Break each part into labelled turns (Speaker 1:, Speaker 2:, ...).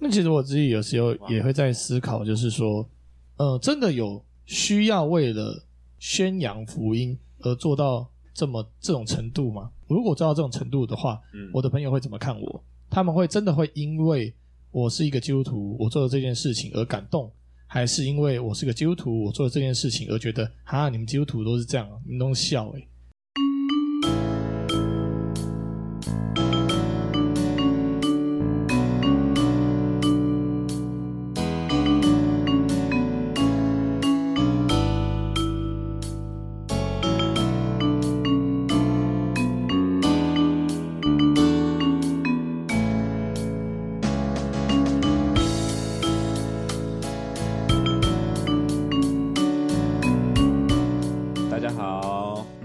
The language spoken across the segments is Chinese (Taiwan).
Speaker 1: 那其實我自己有時候也會在思考，就是說，嗯、呃，真的有需要為了宣揚福音而做到這麼這種程度嗎？如果做到這種程度的話，我的朋友會怎麼看我？他們會真的會因為我是一個基督徒，我做的這件事情而感動，還是因為我是個基督徒，我做的這件事情而覺得啊，你們基督徒都是這樣，你們都笑誒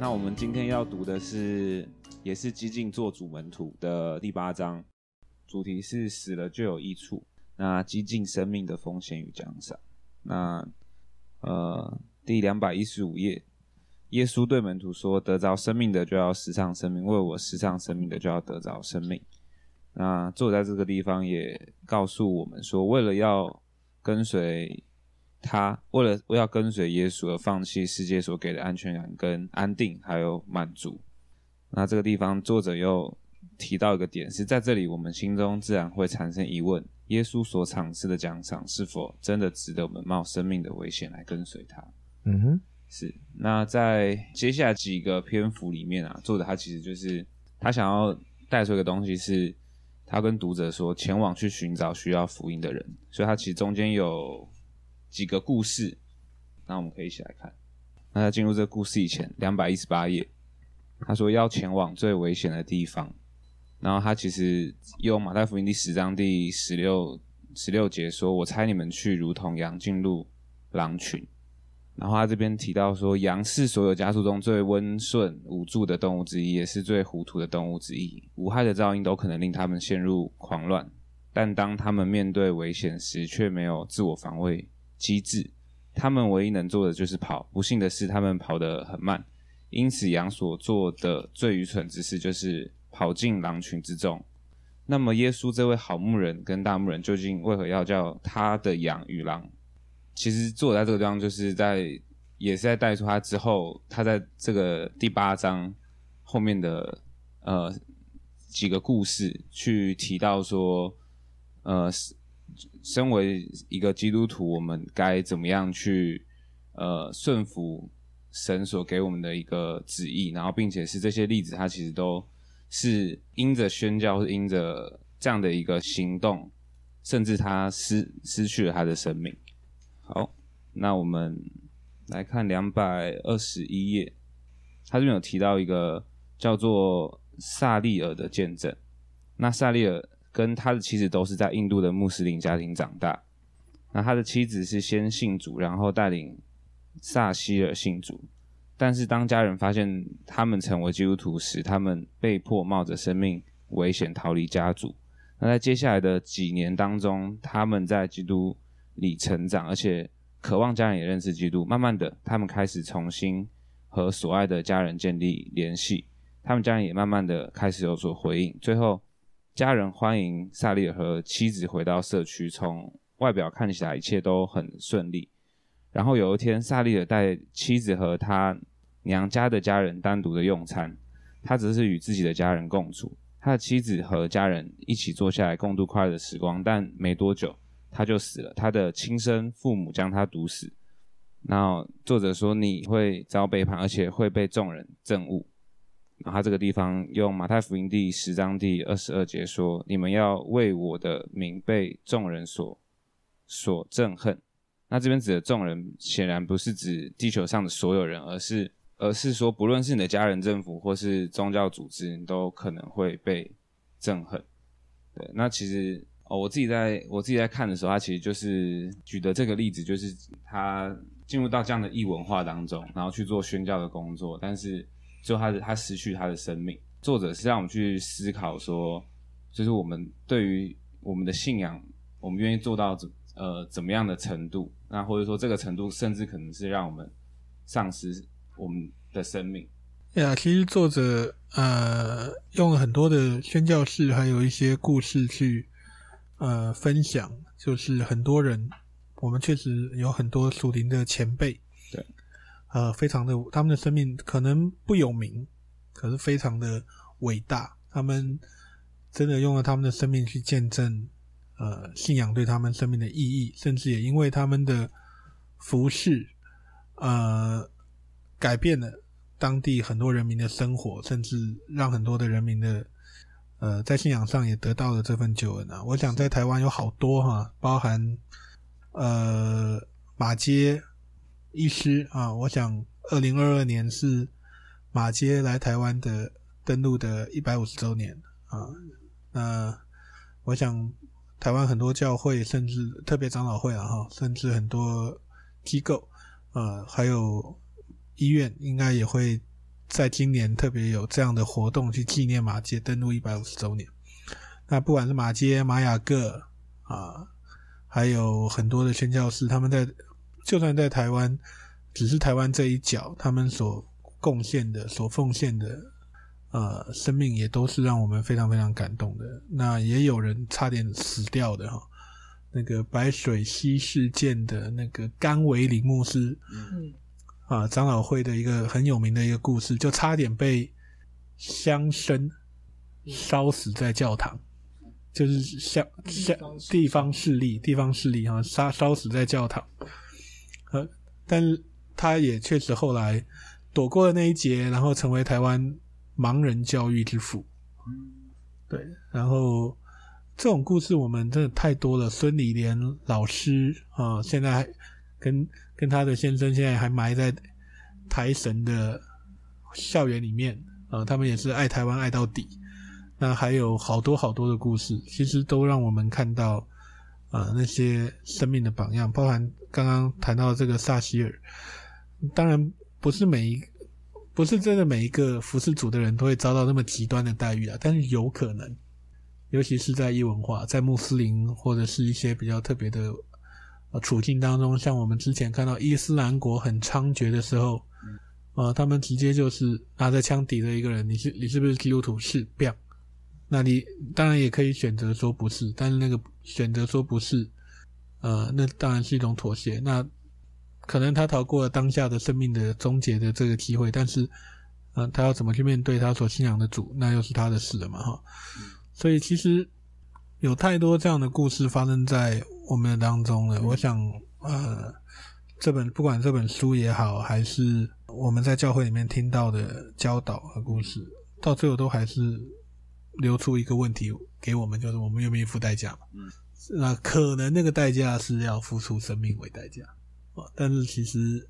Speaker 2: 那我們今天要讀的是，也是激進作主門徒的第八章，主題是死了就有益處。那激進生命的風險與獎賞。那呃，第兩百一十五頁，耶穌對門徒說：“得着生命的就要失喪生命，為我失喪生命的就要得着生命。”那坐在這個地方也告訴我們說，為了要跟隨。他為了我要跟隨耶穌而放棄世界所給的安全感、跟安定，還有滿足。那這個地方，作者又提到一個點，是在這裡，我們心中自然會產生疑問：耶穌所嘗試的獎賞，是否真的值得我們冒生命的危險來跟隨他？嗯哼，是。那在接下來幾個篇幅裡面啊，作者他其實就是他想要帶出一個東西，是他跟讀者說，前往去尋找需要福音的人。所以，他其實中間有。幾個故事，那我們可以一起來看。那在進入這個故事以前，兩百一十八頁，他說要前往最危險的地方。然後他其實用馬太福音第十章第十六十六節說：“我猜你們去如同羊進入狼群。”然後他這邊提到說：“羊是所有家畜中最溫順無助的動物之一，也是最糊塗的動物之一。無害的噪音都可能令他們陷入狂亂，但當他們面對危險時，卻沒有自我防衛。”機制，他們唯一能做的就是跑。不幸的是，他們跑得很慢。因此，羊所做的最愚蠢之事就是跑進狼群之中。那麼，耶穌這位好牧人跟大牧人究竟為何要叫他的羊與狼？其實，作者在這個地方就是在也是在帶出他之後，他在這個第八章後面的呃幾個故事去提到說，呃。身為一個基督徒，我們該怎麼樣去呃順服神所給我們的一個旨意？然後，並且是這些例子，他其實都是因着宣教，是因着這樣的一個行動，甚至他失失去了他的生命。好，那我們來看兩百二十一頁，他這邊有提到一個叫做薩利爾的見證。那薩利爾。跟他的妻子都是在印度的穆斯林家庭長大。那他的妻子是先信主，然後帶領薩希爾信主。但是當家人發現他們成為基督徒時，他們被迫冒着生命危險逃離家族。那在接下來的幾年當中，他們在基督裡成長，而且渴望家人也認識基督。慢慢的，他們開始重新和所愛的家人建立聯繫。他們家人也慢慢的開始有所回應。最後。家人歡迎薩利爾和妻子回到社區，從外表看起來一切都很順利。然後有一天，薩利爾帶妻子和他娘家的家人單獨的用餐，他只是與自己的家人共處，他的妻子和家人一起坐下來共度快樂的時光。但沒多久他就死了，他的親生父母將他毒死。那作者說，你會遭背叛，而且會被眾人憎惡。然後他這個地方用馬太福音第十章第二十二節說：“你們要為我的名被眾人所所憎恨。”那這邊指的眾人顯然不是指地球上的所有人，而是而是說，不論是你的家人、政府或是宗教組織，你都可能會被憎恨。對，那其實哦，我自己在我自己在看的時候，他其實就是舉的這個例子，就是他進入到這樣的異文化當中，然後去做宣教的工作，但是。就他的他失去他的生命，作者是讓我們去思考說，就是我們對於我們的信仰，我們願意做到怎呃怎麼樣的程度？那或者說這個程度甚至可能是讓我們喪失我們的生命。
Speaker 3: 對啊，其實作者呃用了很多的宣教士，還有一些故事去呃分享，就是很多人，我們確實有很多屬靈的前輩，對。呃，非常的，他們的生命可能不有名，可是非常的偉大。他們真的用了他們的生命去見證，呃，信仰對他們生命的意義，甚至也因為他們的服侍，呃，改變了當地很多人民的生活，甚至讓很多的人民的，呃，在信仰上也得到了這份救恩啊！我想在台灣有好多哈，包含呃馬偕。醫師啊，我想二零二二年是馬偕來台灣的登陸的一百五十週年啊。那我想台灣很多教會，甚至特別長老會啊，甚至很多機構啊，還有醫院，應該也會在今年特別有這樣的活動去紀念馬偕登陸一百五十週年。那不管是馬偕、馬雅各啊，還有很多的宣教士，他們在。就算在台灣，只是台灣這一角，他們所貢獻的、所奉獻的，呃，生命也都是讓我們非常非常感動的。那也有人差點死掉的哈，那個白水溪事件的那個甘為霖牧師，嗯，啊，長老會的一個很有名的一個故事，就差點被鄉紳燒死在教堂，嗯、就是鄉鄉地方勢力，地方勢力哈，燒燒死在教堂。但他也確實後來躲過了那一劫，然後成為台灣盲人教育之父。對，然後這種故事我們真的太多了。孫理蓮老師啊、呃，現在跟跟她的先生現在還埋在台神的校園裡面啊、呃，他們也是愛台灣愛到底。那還有好多好多的故事，其實都讓我們看到。啊，那些生命的榜樣，包含剛剛談到的這個薩希爾，當然不是每一個，不是真的每一個服事主的人都會遭到那麼極端的待遇啊，但是有可能，尤其是在異文化，在穆斯林或者是一些比較特別的處境當中，像我們之前看到伊斯蘭國很猖獗的時候，啊，他們直接就是拿着槍抵着一個人，你是你是不是基督徒？是，啪。那你當然也可以選擇說不是，但是那個選擇說不是，呃，那當然是一種妥協。那可能他逃過了當下的生命的終結的這個機會，但是，嗯、呃，他要怎麼去面對他所信仰的主，那又是他的事了嘛，哈。所以其實有太多這樣的故事發生在我們當中了。我想，呃，這本不管這本書也好，還是我們在教會裡面聽到的教導和故事，到最後都還是。留出一個問題給我們，就是我們有沒有付代價嘛？嗯，那可能那個代價是要付出生命為代價啊、哦。但是其實，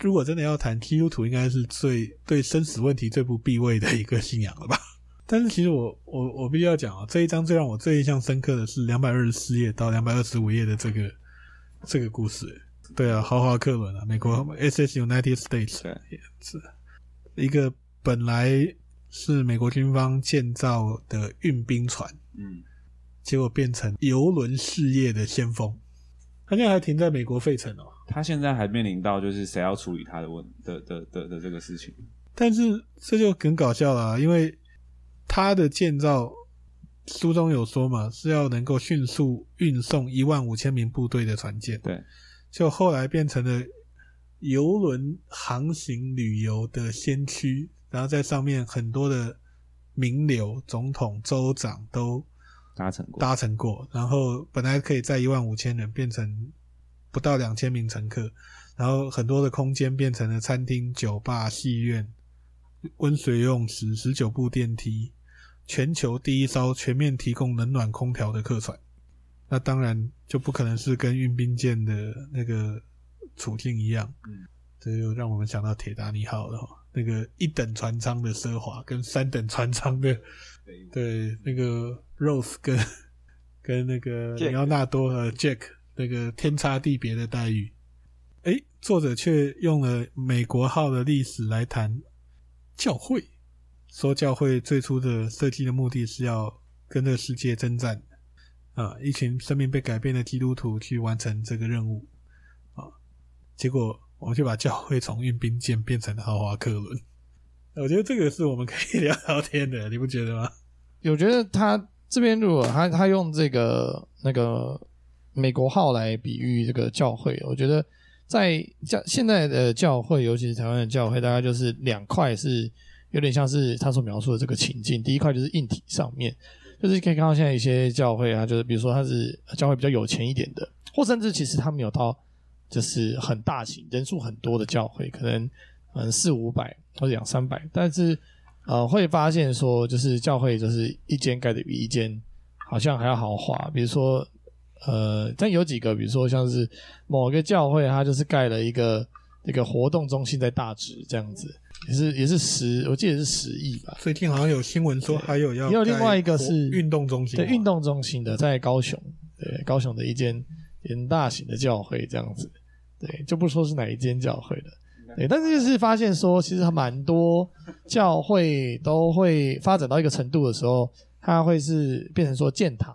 Speaker 3: 如果真的要談基督徒，應該是最對生死問題最不避諱的一個信仰了吧？但是其實我我我必須要講啊，這一章最讓我最印象深刻的是兩百二十四頁到兩百二十五頁的這個這個故事、欸。對啊，豪華客輪啊，美國 SS United States，Okay. 是，一個本來。是美國軍方建造的運兵船，嗯，結果變成遊輪事業的先鋒。他現在還停在美國費城哦。
Speaker 2: 他現在還面臨到就是誰要處理他的問的的的的,的這個事情。
Speaker 3: 但是這就很搞笑了，因為他的建造書中有說嘛，是要能夠迅速運送一萬五千名部隊的船艦。對，就後來變成了遊輪航行旅遊的先驅。然後在上面很多的名流、總統、州長都搭乘過，搭乘過,搭乘過。然後本來可以在一萬五千人變成不到兩千名乘客，然後很多的空間變成了餐廳、酒吧、戲院、溫水游泳池、十九部電梯，全球第一艘全面提供冷暖空調的客船。那當然就不可能是跟運兵艦的那個處境一樣。嗯，這又讓我們想到鐵達尼號了。那個一等船艙的奢華，跟三等船艙的，對,對那個 Rose 跟跟那個裡奧納多和 Jack, Jack 那個天差地別的待遇，哎、欸，作者卻用了美國號的歷史來談教會，說教會最初的設計的目的是要跟這世界征戰啊，一群生命被改變的基督徒去完成這個任務啊，結果。我們就把教會從運兵艦變成豪華客輪，我覺得這個是我們可以聊聊天的，你不覺得嗎？
Speaker 1: 我覺得他這邊如果他他用這個那個美國號來比喻這個教會，我覺得在教現在的教會，尤其是台灣的教會，大概就是兩塊是有點像是他所描述的這個情境。第一塊就是硬體上面，就是可以看到現在一些教會啊，就是比如說他是教會比較有錢一點的，或甚至其實他沒有到。就是很大型、人數很多的教會，可能嗯四五百或者兩三百，但是呃會發現說，就是教會就是一間蓋的比一間好像還要豪華。比如說呃，但有幾個，比如說像是某個教會，它就是蓋了一個這個活動中心在大直這樣子，也是也是十，我記得也是十億吧。最近好像有新聞說還有要也有另外一個是運動中心，對運動中心的在高雄，對高雄的一間。很大型的教會這樣子，對，就不說是哪一間教會的，對，但是就是發現說，其實蠻多教會都會發展到一個程度的時候，它會是變成說建堂，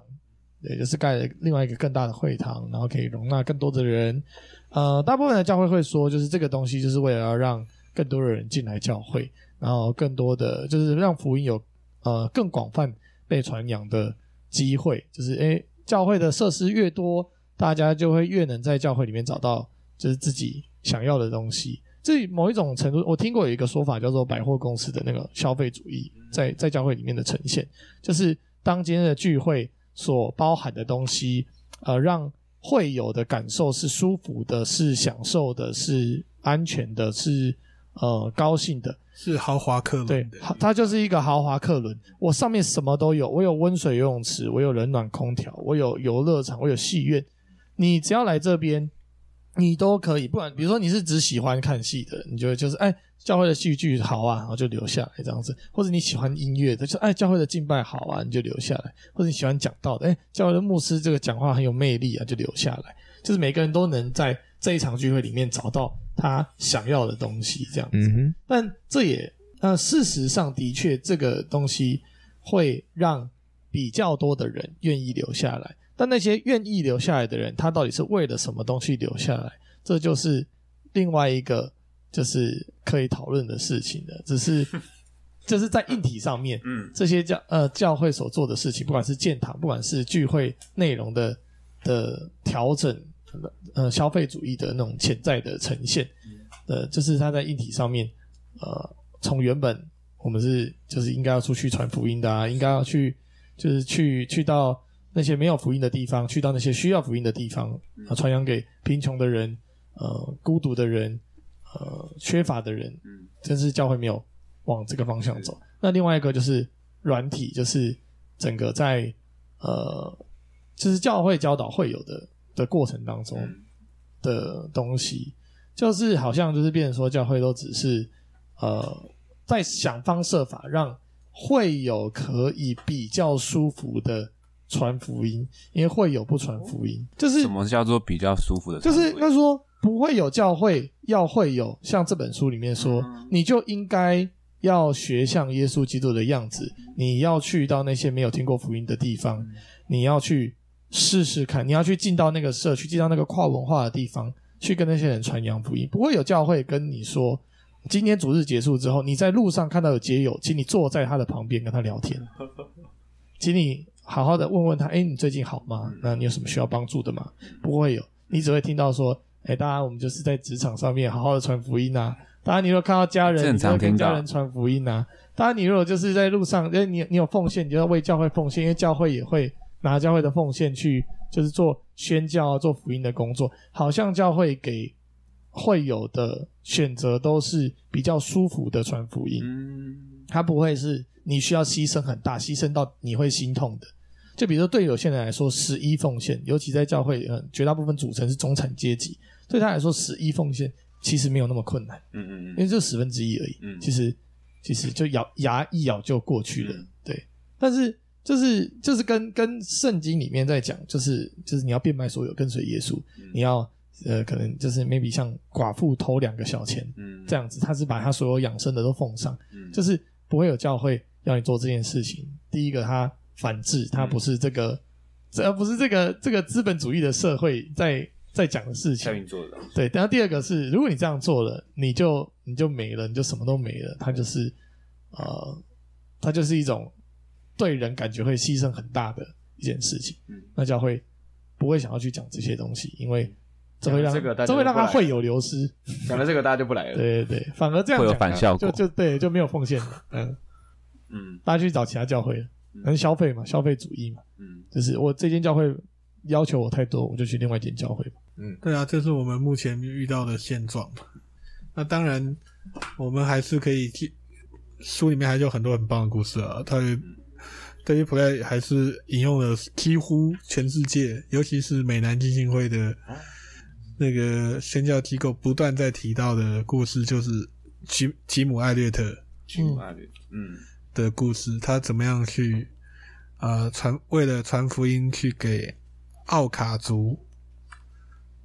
Speaker 1: 對，就是蓋了另外一個更大的會堂，然後可以容納更多的人。呃，大部分的教會會說，就是這個東西就是為了要讓更多的人進來教會，然後更多的就是讓福音有呃更廣泛被傳揚的機會，就是誒教會的設施越多。大家就會越能在教會裡面找到，就是自己想要的東西。這某一種程度，我聽過有一個說法，叫做百貨公司的那個消費主義，在在教會裡面的呈現，就是當今天的聚會所包含的東西，呃，讓會友的感受是舒服的，是享受的，是安全的，是呃高興的，是豪華客輪。對，它就是一個豪華客輪。我上面什麼都有，我有溫水游泳池，我有冷暖空調，我有遊樂場，我有戲院。你只要來這邊，你都可以。不管比如說你是只喜歡看戲的，你覺得就是哎，教會的戲劇好啊，然後就留下來這樣子；或者你喜歡音樂的，就哎，教會的敬拜好啊，你就留下來；或者你喜歡講道的，哎，教會的牧師這個講話很有魅力啊，就留下來。就是每個人都能在這一場聚會裡面找到他想要的東西，這樣子。嗯、哼但這也，那事實上的確，這個東西會讓比較多的人願意留下來。但那，那些願意留下來的人，他到底是為了什麼東西留下來？這就是另外一個就是可以討論的事情的。只是就是在硬體上面，嗯，這些教呃教會所做的事情，不管是建堂，不管是聚會內容的的調整，呃，消費主義的那種潛在的呈現，Yeah. 呃，就是他在硬體上面，呃，從原本我們是就是應該要出去傳福音的啊，應該要去就是去去到。那些沒有福音的地方，去到那些需要福音的地方，啊，傳揚給貧窮的人，呃，孤獨的人，呃，缺乏的人，嗯，真是教會沒有往這個方向走。那另外一個就是軟體，就是整個在呃，就是教會教導會友的的過程當中的東西，就是好像就是變成說，教會都只是呃，在想方設法讓會友可以比較舒服的。傳福音，因為會有不傳福
Speaker 2: 音，就是什麼叫做比較舒服的？就是他說
Speaker 1: 不會有教會要會有，像這本書裡面說，嗯、你就應該要學像耶穌基督的樣子，你要去到那些沒有聽過福音的地方，嗯、你要去試試看，你要去進到那個社區，進到那個跨文化的地方，去跟那些人傳揚福音。不會有教會跟你說，今天主日結束之後，你在路上看到有街友，請你坐在他的旁邊跟他聊天， 請你。好好的問問他，哎、欸，你最近好嗎？那你有什麼需要幫助的嗎？不會有，你只會聽到說，哎、欸，當然我們就是在職場上面好好的傳福音啊。當然，你如果看到家人，正常到你才會跟家人傳福音啊。當然，你如果就是在路上，誒、欸、你你有奉獻，你就要為教會奉獻，因為教會也會拿教會的奉獻去就是做宣教啊，做福音的工作。好像教會給會友的選擇都是比較舒服的傳福音，嗯，他不會是你需要犧牲很大，犧牲到你會心痛的。就比如說，對有些人來說，十一奉獻，尤其在教會，嗯、呃，絕大部分組成是中產階級，對他來說，十一奉獻其實沒有那麼困難，嗯，嗯嗯，因為就十分之一而已，嗯，嗯，其實其實就咬牙一咬就過去了，嗯嗯對。但是就是就是跟跟聖經裡面在講，就是就是你要變賣所有跟隨耶穌，嗯嗯你要呃可能就是 maybe 像寡婦投兩個小錢，嗯，嗯，這樣子，他是把他所有養生的都奉上，嗯，嗯，嗯，就是不會有教會要你做這件事情。第一個他。反制，他不是這個，嗯、不是這個，這不是這個這個資本主義的社會在在講的事情。對，然後第二個是，如果你這樣做了，你就你就沒了，你就什麼都沒了。它就是呃，它就是一種對人感覺會犧牲很大的一件事情。嗯，那教會不會想要去講這些東西，因為這會讓這個大家，這會讓他會有流失。講了這個，大家就不來了。 對對對，反而這樣會有反效果，就就對，就沒有奉獻。嗯嗯，大家去找其他教會了。能消費嘛？嗯、消費主義嘛？嗯，就是我這間教會要求我太多，我就去另外一間教會吧。嗯，
Speaker 3: 對啊，這是我們目前遇到的現狀。 那當然，我們還是可以去。書裡面還有很多很棒的故事啊。他對於普萊還是引用了幾乎全世界，尤其是美南基金會的那個宣教機構不斷在提到的故事，就是吉吉姆·艾略特。吉姆·艾略特，嗯。嗯的故事，他怎麼樣去呃傳，為了傳福音去給奧卡族，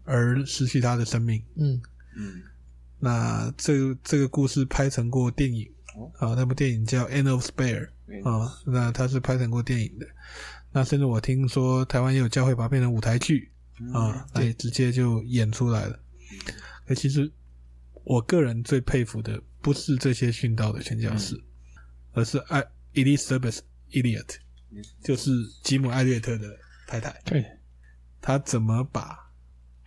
Speaker 3: 而失去他的生命。嗯嗯，嗯那這個、這個故事拍成過電影啊，那部電影叫《End of Spear》啊，那他是拍成過電影的。那甚至我聽說台灣也有教會把它變成舞台劇啊，對、嗯，也直接就演出來了。嗯、其實我個人最佩服的不是這些殉道的宣教士。嗯而是愛，Elisabeth Elliot 就是吉姆·艾略特的太太。對，她怎麼把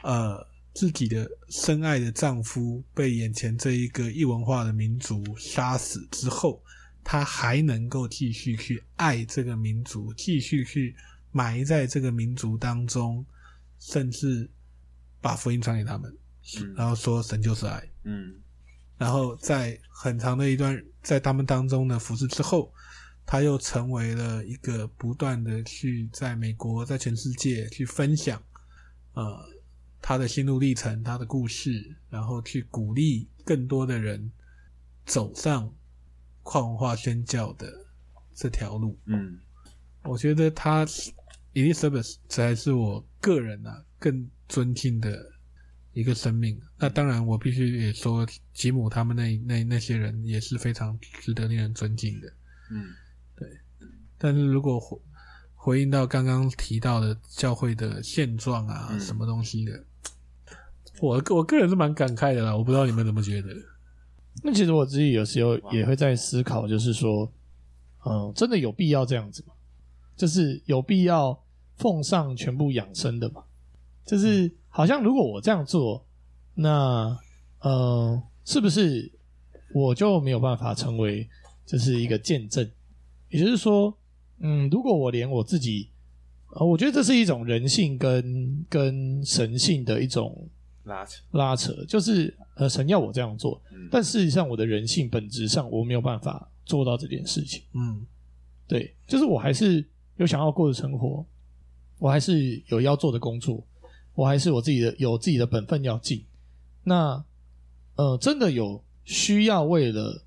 Speaker 3: 呃自己的深愛的丈夫被眼前這一個異文化的民族殺死之後，她還能夠繼續去愛這個民族，繼續去埋在這個民族當中，甚至把福音傳給他們，是然後說神就是愛。嗯。嗯然後在很長的一段在他們當中的服侍之後，他又成為了一個不斷的去在美國，在全世界去分享，呃，他的心路歷程，他的故事，然後去鼓勵更多的人走上跨文化宣教的這條路。嗯，我覺得他 Elizabeth 才是我個人呢、啊、更尊敬的。一個生命，那當然，我必須也說，吉姆他們那那那些人也是非常值得令人尊敬的，嗯，對。但是如果回回應到剛剛提到的教會的現
Speaker 1: 狀啊，嗯、什麼東西的，我我個人是蠻感慨的啦。我不知道你們怎麼覺得。那其實我自己有時候也會在思考，就是說，嗯，真的有必要這樣子嗎？就是有必要奉上全部養生的嗎？就是。好像如果我這樣做，那，嗯，呃，是不是我就沒有辦法成為就是一個見證？也就是說，嗯，如果我連我自己，呃，我覺得這是一種人性跟跟神性的一種拉扯，拉扯，就是呃神要我這樣做，但事實上我的人性本質上我沒有辦法做到這件事情。嗯，對，就是我還是有想要過的生活，我還是有要做的工作。我還是我自己的，有自己的本分要盡。那，呃，真的有需要為了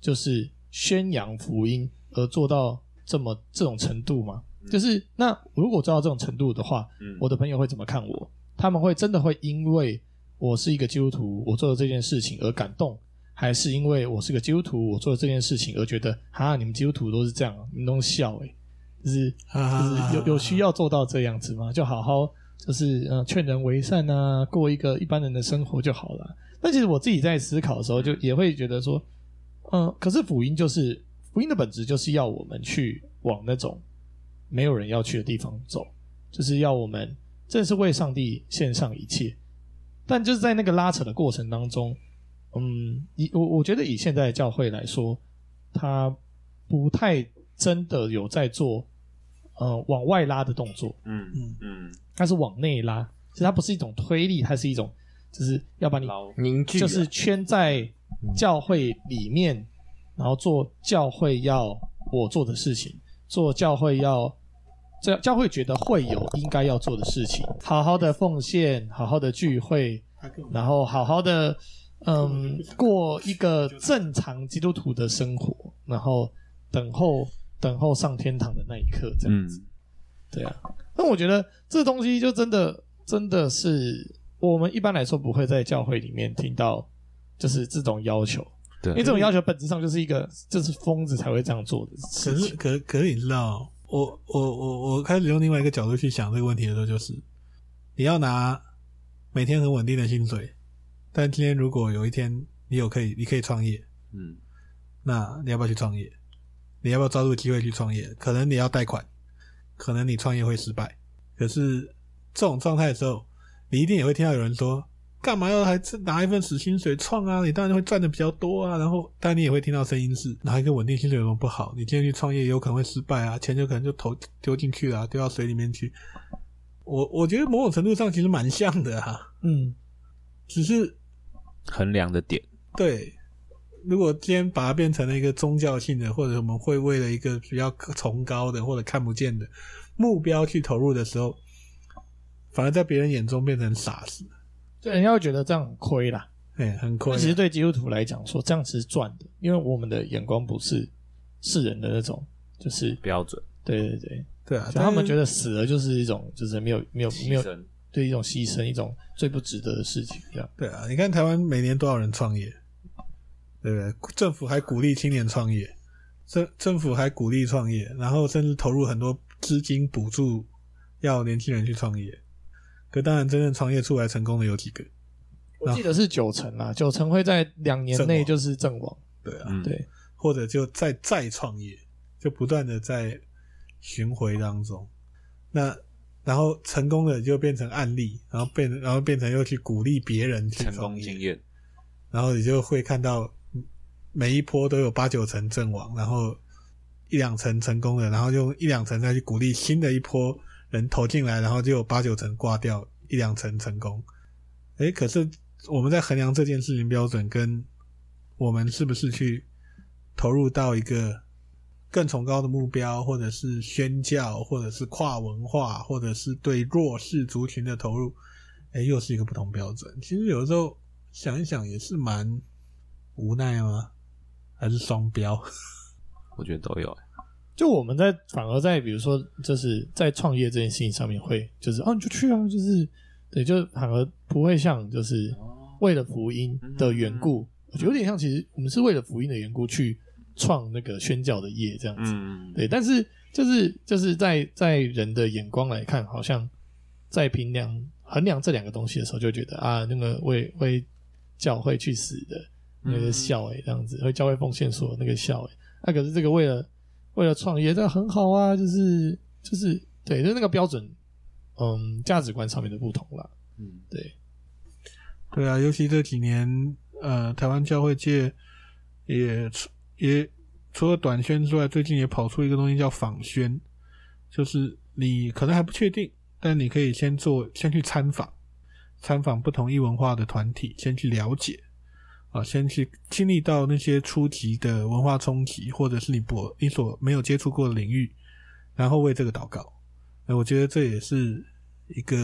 Speaker 1: 就是宣揚福音而做到這麼這種程度嗎？嗯、就是那如果做到這種程度的話，嗯、我的朋友會怎麼看我？他們會真的會因為我是一個基督徒，我做的這件事情而感動，還是因為我是個基督徒，我做的這件事情而覺得哈，你們基督徒都是這樣，你們都是笑誒、欸。就是就是有有需要做到這樣子嗎？就好好。就是呃，勸人為善啊，過一個一般人的生活就好了。但其實我自己在思考的時候，就也會覺得說，嗯，可是福音就是福音的本質，就是要我們去往那種沒有人要去的地方走，就是要我們正是為上帝獻上一切。但就是在那個拉扯的過程當中，嗯，以我我覺得以現在的教會來說，他不太真的有在做。呃、嗯，往外拉的動作，嗯嗯嗯，它是往內拉，其實它不是一種推力，它是一種，就是要把你凝聚，就是圈在教會裡面，然後做教會要我做的事情，做教會要教教會覺得會有應該要做的事情，好好的奉獻，好好的聚會，然後好好的，嗯，過一個正常基督徒的生活，然後等候。等候上天堂的那一刻，這樣子，嗯、對啊。那我覺得這東西就真的，真的是我們一般來說不會在教會裡面聽到，就是這種要求。對、嗯，因為這種要求本質上就是一個，就是瘋子才會這樣做的。可是，可
Speaker 3: 可以知道，我我我我開始用另外一個角度去想這個問題的時候，就是你要拿每天很穩定的薪水，但今天如果有一天你有可以，你可以創業，嗯，那你要不要去創業？你要不要抓住機會去創業？可能你要貸款，可能你創業會失敗。可是這種狀態的時候，你一定也會聽到有人說：“幹嘛要還拿一份死薪水創啊？”你當然會賺的比較多啊，然後，但你也會聽到聲音是：“拿一個穩定薪水有什麼不好？你今天去創業也有可能會失敗啊，錢就可能就投丟進去了啊，丟到水裡面去。”我我覺得某種程度上其實蠻像的哈、啊，嗯，只是
Speaker 2: 衡量的點，
Speaker 3: 對。如果今天把它變成了一個宗教性的，或者我們會為了一個比較崇高的或者看不見的目標去投入的時候，反而
Speaker 1: 在別人眼中變成傻子，對，人家會覺得這樣虧啦，對、欸，很虧。其實對基督徒來講說，這樣是賺的，因為我們的眼光不是世人的那種，就是標準。對對對，對啊，他們覺得死了就是一種，就是沒有沒有沒有犧牲，對一種犧牲，一種最不值得的事情這樣。
Speaker 3: 對啊，你看台灣每年多少人創業？對不對？政府還鼓勵青年創業，政政府還鼓勵創業，然後甚至投入很多資金補助，要年輕人去創業。可當然，真正創業出來成功的有幾個？我記得是
Speaker 1: 九成啦，那九成會在兩年內就是陣亡。陣亡，對啊，嗯、對，或者就再再創業，就不斷的
Speaker 3: 在巡回當中。那然後成功的就變成案例，然後變然後變成又去鼓勵別人去成功經驗，然後你就會看到。每一波都有八九成陣亡，然後一兩成成功的，然後就一兩成再去鼓勵新的一波人投進來，然後就有八九成掛掉，一兩成成功。哎，可是我們在衡量這件事情標準，跟我們是不是去投入到一個更崇高的目標，或者是宣教，或者是跨文化，或者是對弱勢族群的投入，哎，又是一個不同標準。其實有的時候想一想也是蠻
Speaker 1: 無奈嘛。還是雙
Speaker 2: 標，我覺得都有、欸。
Speaker 1: 就我們在反而在比如說，就是在創業這件事情上面，會就是啊，你就去啊，就是對，就是反而不會像，就是為了福音的緣故，有點像其實我們是為了福音的緣故去創那個宣教的業這樣子。對，但是就是就是在在人的眼光來看，好像在評量衡量這兩個東西的時候，就覺得啊，那個為為教會去死的。 那個笑誒、欸、這樣子，會教會奉獻說那個笑誒、欸、那、啊、可是這個為了為了創業，這很好啊，就是就是對，就是那個標準，嗯，價值觀上面的不同啦，嗯，對，對啊，尤其這幾年，呃，台灣
Speaker 3: 教會界也也除了短宣之外，最近也跑出一個東西叫訪宣，就是你可能還不確定，但你可以先做，先去參訪，參訪不同異文化的團體，先去了解。啊，先去經歷到那些初級的文化衝擊，或者是你不，你所沒有接觸過的領域，然後為這個禱告、呃。我覺得這也是一個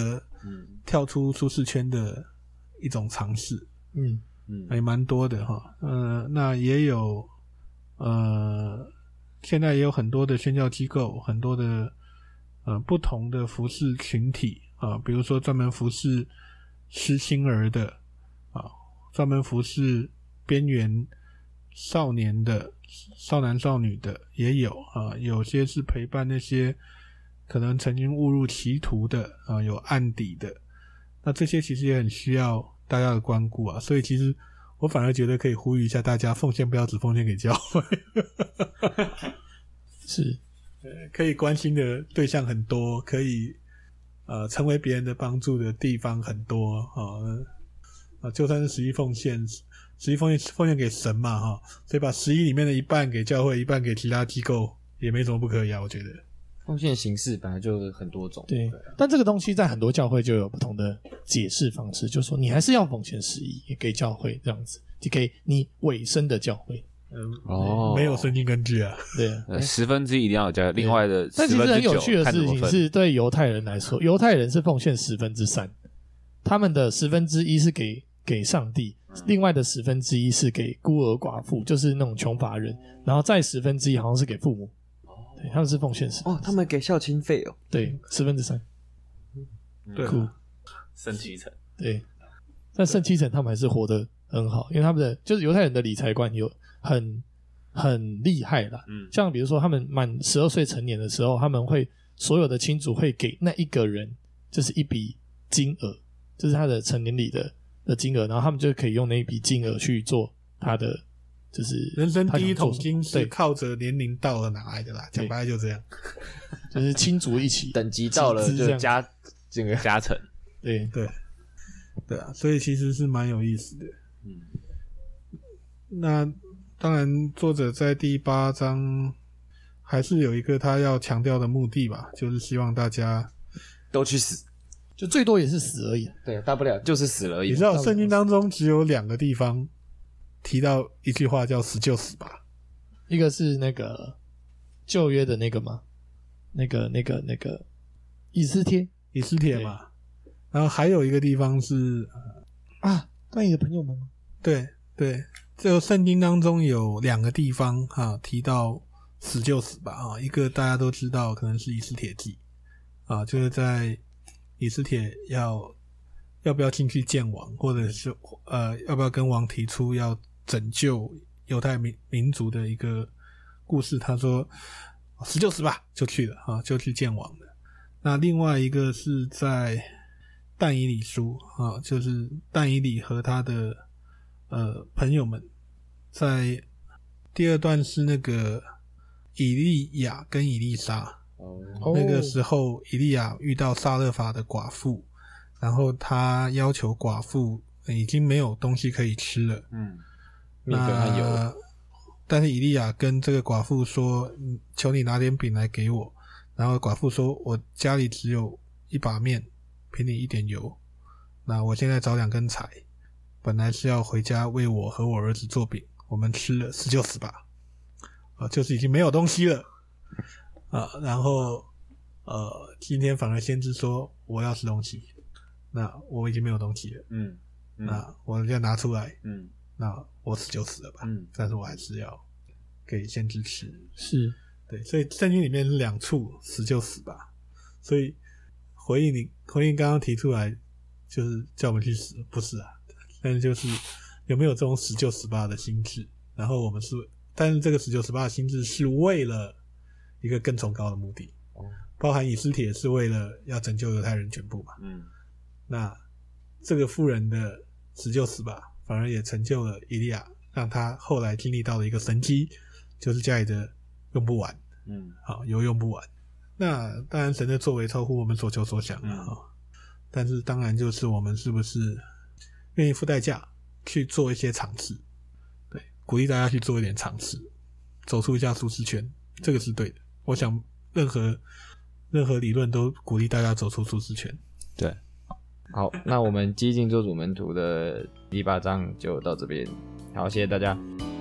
Speaker 3: 嗯，跳出舒適圈的一種嘗試。嗯嗯，也蠻多的哈。呃，那也有呃，現在也有很多的宣教機構，很多的呃不同的服事群體啊、呃，比如說專門服事失心兒的。專門服侍邊緣少年的少男少女的也有啊、呃，有些是陪伴那些可能曾經誤入歧途的啊、呃，有案底的。那這些其實也很需要大家的關顧啊。所以其實我反而覺得可以呼籲一下大家，奉獻不要只奉獻給教會， 是，可以關心的對象很多，可以呃成為別人的幫助的地方很多啊。呃啊，就算是十一奉獻，十一奉獻奉獻給神嘛，哈，所以把十一裡面的一半給教會，一半給其他機構，也沒什麼不可
Speaker 1: 以啊，我覺得。奉獻形式本來就是很多種。對，對啊、但這個東西在很多教會就有不同的解釋方式，就是說你還是要奉獻十一，給教會這樣子，就給你委身的教會。嗯、對哦，沒有聖經根據啊？對啊。欸、十
Speaker 2: 分之一一定要加另外的十分之九。但其實很有趣的事情是
Speaker 1: 對猶太人來說，猶太人是奉獻十分之三，他們的十分之一是給。給上帝，另外的十分之一是給孤兒寡婦，就是那種窮乏人，然後再十分之一好像是給父母，對，他們是奉獻是哦，他們給孝親費哦，對，嗯、十分之三，
Speaker 3: 對、嗯、哭啊，剩七成，
Speaker 1: 對，對但剩七成他們還是活得很好，因為他們的就是猶太人的理財觀有很很厲害啦。嗯，像比如說他們滿十二歲成年的時候，他們會所有的親族會給那一個人，這是一筆金額，這、就是他的成年禮的。的金額，然後他們就可以用那一筆金額去做他的，就是人生第一桶金，是
Speaker 3: 靠着年齡到了哪來的啦？講對白了就
Speaker 1: 這樣， 就是親族一起， 等級到
Speaker 3: 了就加
Speaker 2: 這樣個加成，
Speaker 1: 對
Speaker 3: 對對啊，所以其實是蠻有意思的。嗯，那當然，作者在第八章還是有一個他要強調的目的吧，就是希望大家
Speaker 2: 都
Speaker 1: 去死。就最多也是死而已，對，大不了就是死而已。你知道聖經當中只有兩個地方提到一句話叫“死就死吧”，一個是那個舊約的那個嗎？那個、那個、那個以斯帖，嗯、以斯帖嘛。
Speaker 3: 對然後還有一個地方是啊，但以理的朋友們，對對，就聖經當中有兩個地方哈、啊、提到“死就死吧”啊，一個大家都知道，可能是以斯帖記啊，就是在。嗯以斯帖要要不要進去見王，或者是呃要不要跟王提出要拯救猶太民民族的一個故事？他說：“死就死吧，就去了啊，就去見王了。”那另外一個是在但以理書啊，就是但以理和他的呃朋友們，在第二段是那個以利亞跟以利沙。Oh. 那個時候，伊利亞遇到撒勒法的寡婦，然後他要求寡婦、嗯、已經沒有東西可以吃了。嗯，那個但是伊利亞跟這個寡婦說：“求你拿點餅來給我。”然後寡婦說：“我家裡只有一把麵，給你一點油。那我現在找兩根柴，本來是要回家為我和我兒子做餅，我們吃了，死就死吧。啊、呃，就是已經沒有東西了。” 啊，然後，呃，今天反而先知說我要吃東西，那我已經沒有東西了，嗯，嗯那我就拿出來，嗯，那我死就死了吧，嗯，但是我還是要給先知吃，是，對，所以聖經裡面兩處死就死吧，所以回應你，回應剛剛提出來，就是叫我們去死，不是啊，但是就是有沒有這種死就死吧的心智，然後我們是，但是這個死就死吧的心智是為了，一個更崇高的目的，包含以斯帖也是為了要拯救猶太人全部吧？嗯，那這個婦人的死就死吧，反而也成就了以利亞，讓他後來經歷到了一個神蹟，就是家裡的用不完，嗯，好油，哦，用不完。那當然神的作為超乎我們所求所想啊、哦！嗯、但是當然就是我們是不是願意付代價去做一些嘗試？對，鼓勵大家去做一點嘗試，走出一下舒適圈，嗯、這個是對的。我想任，任何任何理論都鼓勵大家走出舒適圈。
Speaker 2: 對，
Speaker 1: 好，那我們激進作主門徒的第八章就到這邊。好，謝謝大
Speaker 2: 家。